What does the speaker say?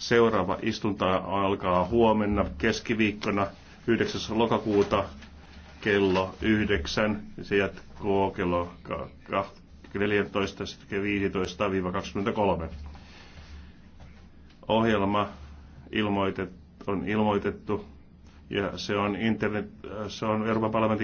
Seuraava istunta alkaa huomenna keskiviikkona 9. lokakuuta kello 9. Se jatkuu kello 1415 15-23. Ohjelma ilmoitet, on ilmoitettu ja se on, internet, se on Euroopan parlamentin